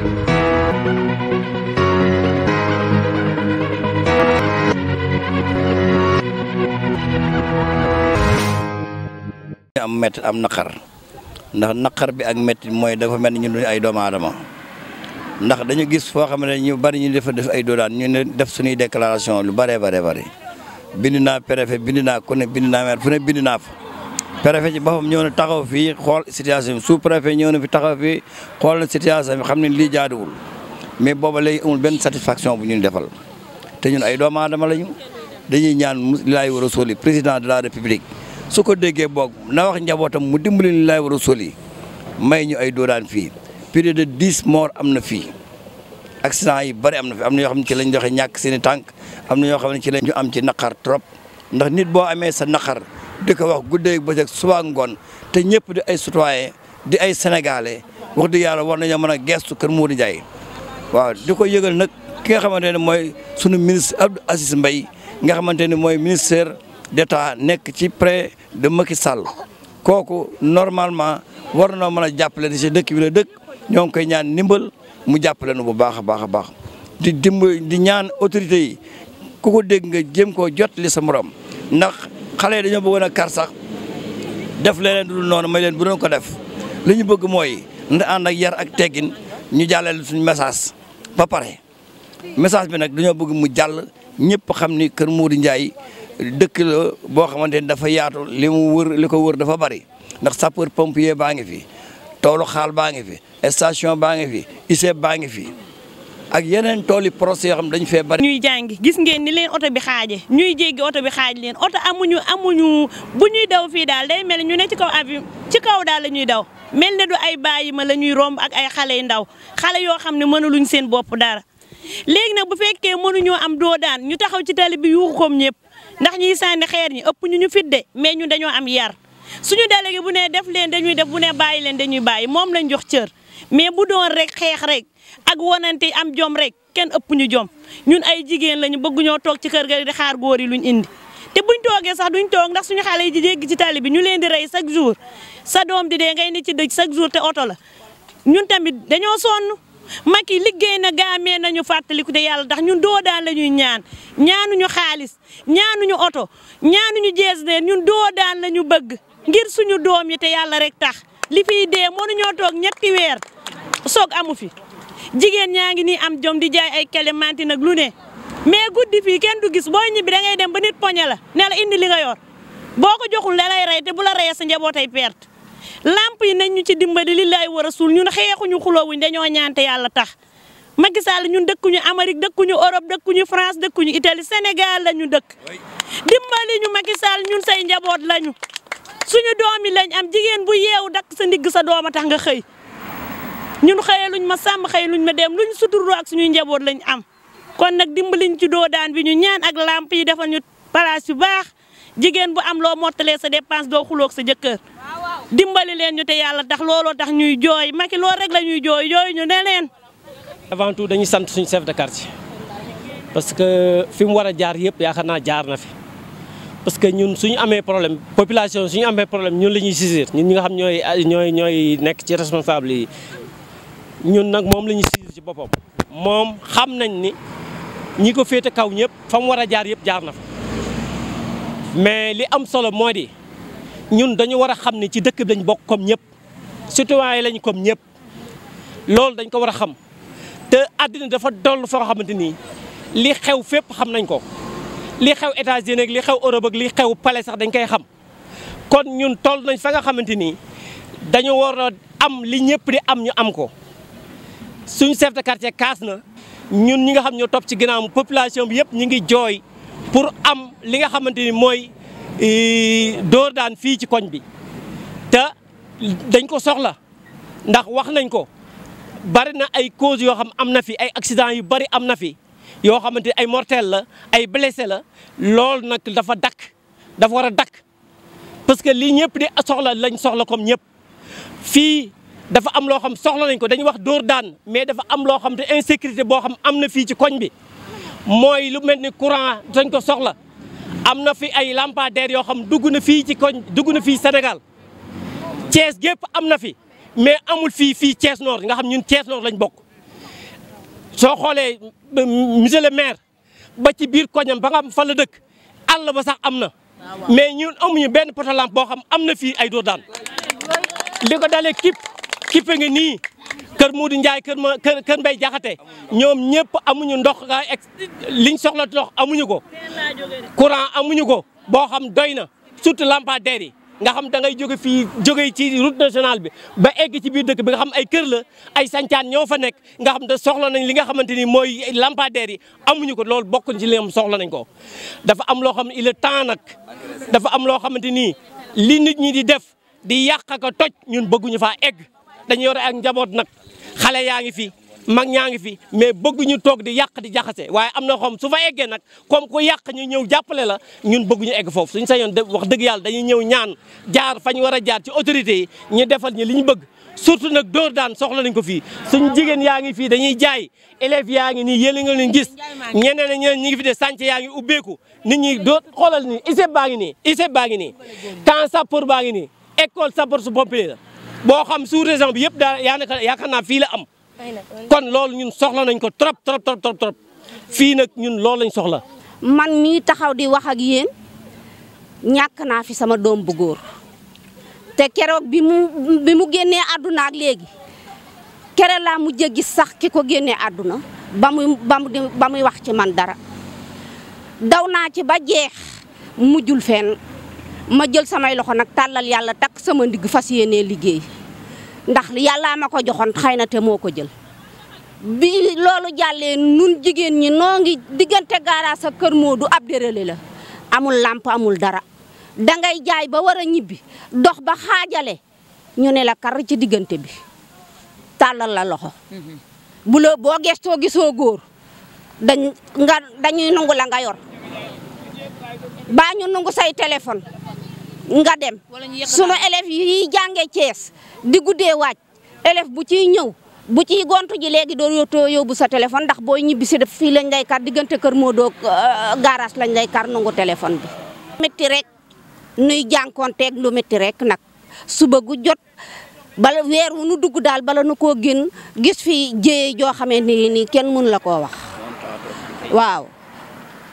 am metti am naqar ndax naqar bi ak metti mooy dafa mel ni ñun ay doomu aadama ndax dañu gis foo xam ne ñu bari ñu defa def ay doodaan ñu ne def suñuy déclaration lu bëree bare bëri bind naa préfet bind naa ku ne bind fu ne bind naa fa préfet ci boppam ñëw na taxaw fii xool situation bi sous préfet ñëw na fi taxaw fii xool na situation bi xam ne lii jaaduwul mais booba léegi amul benn satisfaction bu ñun defal te ñun ay doomu aadama lañu dañuy ñaan laayi war a soli président de la république su ko déggee boog na wax njabootam mu dimbali ni laayi war a soli may ñu ay doodaan fii plus de dix morts am na fii accident yi bëri am na fi am na ñoo xam ne ci lañ doxee ñàkk seen i tànk am na ñoo xam ne ci lañ ñu am ci naqar trop ndax nit boo amee sa naqar di ko wax guddee ak bëccëg suba ngoon te ñëpp di ay citoyen di ay sénégalais wax dëgg yàlla war nañoo mën a gestu kër Modou Ndiaye waaw di ko yëgal nag ki nga xamante ne mooy sunu ministre Abdou Aziz mbay nga xamante ne mooy ministère d'État nekk ci près de Macky Sall kooku normalement war na mën a jàppale ci dëkk bi la dëkk ñoo ngi koy ñaan ndimbal mu jàppale nu bu baax a baax a baax di di ñaan autorités yi ku dégg nga jéem koo jot li sa morom ndax xale yi dañoo bëggoon a kar sax def leneen du dul noonu may leen bu doon ko def li ñu bëgg mooy nda ànd ak yar ak teggin ñu jàllale suñu message ba pare message bi nag dañoo bëgg mu jàll ñëpp xam ni Kër Modou Ndiaye dëkk la boo xamante ni dafa yaatu li mu wër li ko wër dafa bari ndax sapeur pompier baa ngi fi toolu xaal baa ngi fi station baa ngi fi ISEP baa ngi fi. ak yeneen tool yi procès yoo xam dañu fee bari. ñuy jàngi gis ngeen ni leen oto bi xaaje ñuy jéggi oto bi xaaj leen oto amuñu amuñu bu ñuy daw fii daal day mel ñu ne ci kaw avion ci kaw daal la daw mel ne du ay bàyyi ma la ñuy romb ak ay xale yu ndaw xale yoo xam ne mënuluñ seen bopp dara léegi nag bu fekkee mënuñoo am doo daan ñu taxaw ci tali bi yuuxu koom ñëpp ndax ñuy sànni xeer ñi ëpp ñu ñu fidde mais ñu dañoo am yar suñu délégué bu ne def leen dañuy def bu ne bàyyi leen dañuy bàyyi moom lañ jox cër mais bu doon rek xeex rek ak wanante am jom rek kenn ëpp ñu jom ñun ay jigéen lañu bëgg ñoo toog ci kër ga di xaar góor yi luñ indi. te buñ toogee sax duñ toog ndax suñu xale yi di jéggi ci tali bi ñu leen di rey chaque jour sa doom di dee ngay ni ci dëj chaque jour te oto la ñun tamit dañoo sonn. Macky liggéey na gaamee nañu fàttaliku te yàlla ndax ñun doodaan la ñuy ñaan ñaanuñu xaalis ñaanuñu oto ñaanuñu jees deen ñun doodaan la ñu bëgg ngir suñu doom yi te yàlla rek tax li fiy dee mënuñoo toog ñetti weer soog amu fi jigéen ñaa ngi nii am jom di jaay ay clémentine nag lu ne mais guddi fii kenn du gis boo ñibbi da ngay dem ba nit poñe la ne la indi li nga yor boo ko joxul la rey te bu la reyee sa njabootay perte lamp yi nañ ñu ci dimbali li lay war a suul ñun xeexuñu xuloowuñ dañoo ñaante yàlla tax Macky Sall ñun dëkkuñu Amérique dëkkuñu Europe dëkkuñu France dëkkuñu Italie Sénégal la ñu dëkk dimbali ñu ñun say njaboot suñu doom yi lañ am jigéen bu yeewu dakk sa ndigg sa doom a tax nga xëy ñun xëye luñ ma sàmm xëy luñ ma dem luñ suturoo ak suñuy njaboot lañ am kon nag dimbaliñ ci doo daan bi ñu ñaan ak lamp yi defal ñu place yu baax jigéen bu am loo mottalee sa dépense doo xuloog sa jëkkër dimbali leen ñu te yàlla tax looloo tax ñuy jooy maki loolu rek la ñuy jooy jooy ñu ne leen avant tout dañuy sant suñ chef de quartier parce que fi mu war a jaar yëpp yaakaar naa jaar na fi parce que ñun suñu amee problème population ñu amee problème ñun la ñuy saisir ñun ñi nga xam ñooy ñooy ñooy nekk ci responsable yi ñun nag moom la ñuy ci boppam moom xam nañ ni ñi ko féete kaw ñëpp fa mu war a jaar yëpp jaar na fa mais li am solo moo di ñun dañu war a xam ni ci dëkk bi lañ bokk comme ñëpp citoyen yi lañ comme ñëpp loolu dañ ko war a xam te àddina dafa doll foo xamante nii li xew fépp xam nañ ko li xew États-Unis ak li xew Europe ak li xew pale sax dañ koy xam kon ñun toll nañ fa nga xamante ni dañu war a am li ñëpp di am ñu am ko suñu chef de quartier kaas na ñun ñi nga xam ñoo topp ci ginnaaw population bi yëpp ñu ngi jooy pour am li nga xamante ni mooy e, dóor daan fii ci koñ bi te dañ ko soxla ndax wax nañ ko bari na ay cause yoo xam am na fi ay accident yu bari am na fi yoo xamante ni ay mortel la ay blesse la loolu nag dafa dakk dafa war a dakk parce que lii ñëpp di soxla lañ soxla comme ñëpp fii dafa am loo xam soxla nañ ko dañuy wax dóor daan mais dafa am loo xam te insécurité boo xam am na fii ci koñ bi mooy lu mel ni courant dañ ko soxla am na fi ay lampadaires yoo xam dugg na fii ci koñ dugg na fii Sénégal Thiès gépp am na fi mais amul fii fii Thiès Nord nga xam ñun Thiès Nord lañ bokk soo xoolee euh, monsieur le maire ba ci biir koñam ba nga xam fa la dëkk àll ba sax am na mais ñun amuñu benn poto lampe boo xam am na fii ay doo daan li ko kip kippe ngi nii kër Modou Ndiaye kër ma kër kër Mbaye Jaxate ñoom ñëpp amuñu ndox ga liñ soxla dox amuñu ko courant amuñu ko boo xam doy na surtout lampa yi nga xam da ngay jóge fii jóge ci route nationale bi ba egg ci biir dëkk bi nga xam ay kër la ay sancaan ñoo fa nekk nga xam ne soxla nañ li nga xamante ni mooy lampadaires yi amuñu ko loolu bokkuñ ci li am soxla nañ ko. dafa am loo xam ne il temps nag dafa am loo xamante ni li nit ñi di def di yàq ko toj ñun bëgguñu faa egg dañu yore ak njaboot nag xale yaa ngi fi. mag ñaa ngi fi mais bëgguñu toog di yàq di jaxase waaye am na xom su fa eggee nag comme ku yàq ñu ñëw jàppale la ñun bëgguñu egg foofu suñ sañoon wax dëgg yàlla dañuy ñëw ñaan jaar fañ war a jaar ci autorité yi ñu defal ñu li ñu bëgg surtout nag dóor daan soxla nañ ko fii suñ jigéen yaa ngi fii dañuy jaay élèves yaa ngi nii yéli nga leen gis ñeneen ñeneen ñi ngi fi de sànc yaa ngi ubbeeku nit ñi dóor xoolal nii ISEP baa ngi nii ISEP baa ngi nii camp sapeur baa ngi nii école sapeur su pompier la boo xam sous région bi yëpp daal yaakaar naa fii la am kon loolu ñun soxla nañ ko trop trop trop fii nag ñun loolu lañ soxla. man mii taxaw di wax ak yéen ñàkk naa fi sama doom bu góor te keroog bi mu génnee àdduna ak léegi kere laa mujj a gis sax ki ko génnee àdduna ba muy ba muy wax ci man dara daw naa ci ba jeex mujjul fenn ma jël samay loxo nag tàllal yàlla takk sama ndigg fas yéenee liggéey. ndax yàllaa ma ko joxoon xëy na te moo ko jël bi loolu jàllee nun jigéen ñi noo ngi diggante gaara sa kër Moodu ab dérélé la amul làmp amul dara dangay jaay ba war a ñibbi dox ba xaajale ñu ne la kar ci diggante bi tàllal la loxo bu la boo gestoo gisoo góor dañ nga dañuy nangu la nga yor baa ñu nangu say téléphone nga dem sunu élèves yi jàngee cees di guddee waaj élève bu ci ñëw bu ci gontu ji léegi doo yottoo yóbbu sa téléphone ndax booy ñibbi si def fii lañ lay kar diggante kër moo doo euh, garage lañ lay kar nangu téléphone bi métti rek nuy jànkonteeg lu métti rek nag suba gu jot bala weer wu nu dugg daal bala nu ko gën gis fi jéyee joo xamee ni nii kenn mun la koo wax waaw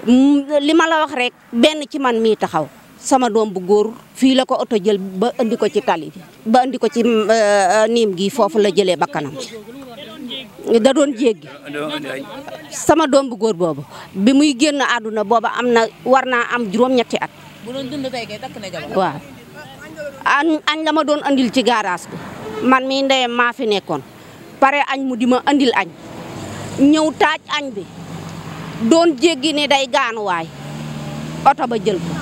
mm, li ma la wax rek benn ci man mii taxaw sama doom bu góor fii la ko oto jël ba andi ko ci tali bi ba andi ko ci euh, niim gi foofu la jëlee bakkanam da doon jéggi sama doom bu góor boobu bi muy génn àdduna booba am na war naa am juróom-ñetti at. bu waaw añ la ma doon andil ci garage bi man mii ndeyam maa fi nekkoon pare añ mu di ma andil añ ñëw taaj añ bi doon jéggi ne day gaanuwaay oto ba jël ko.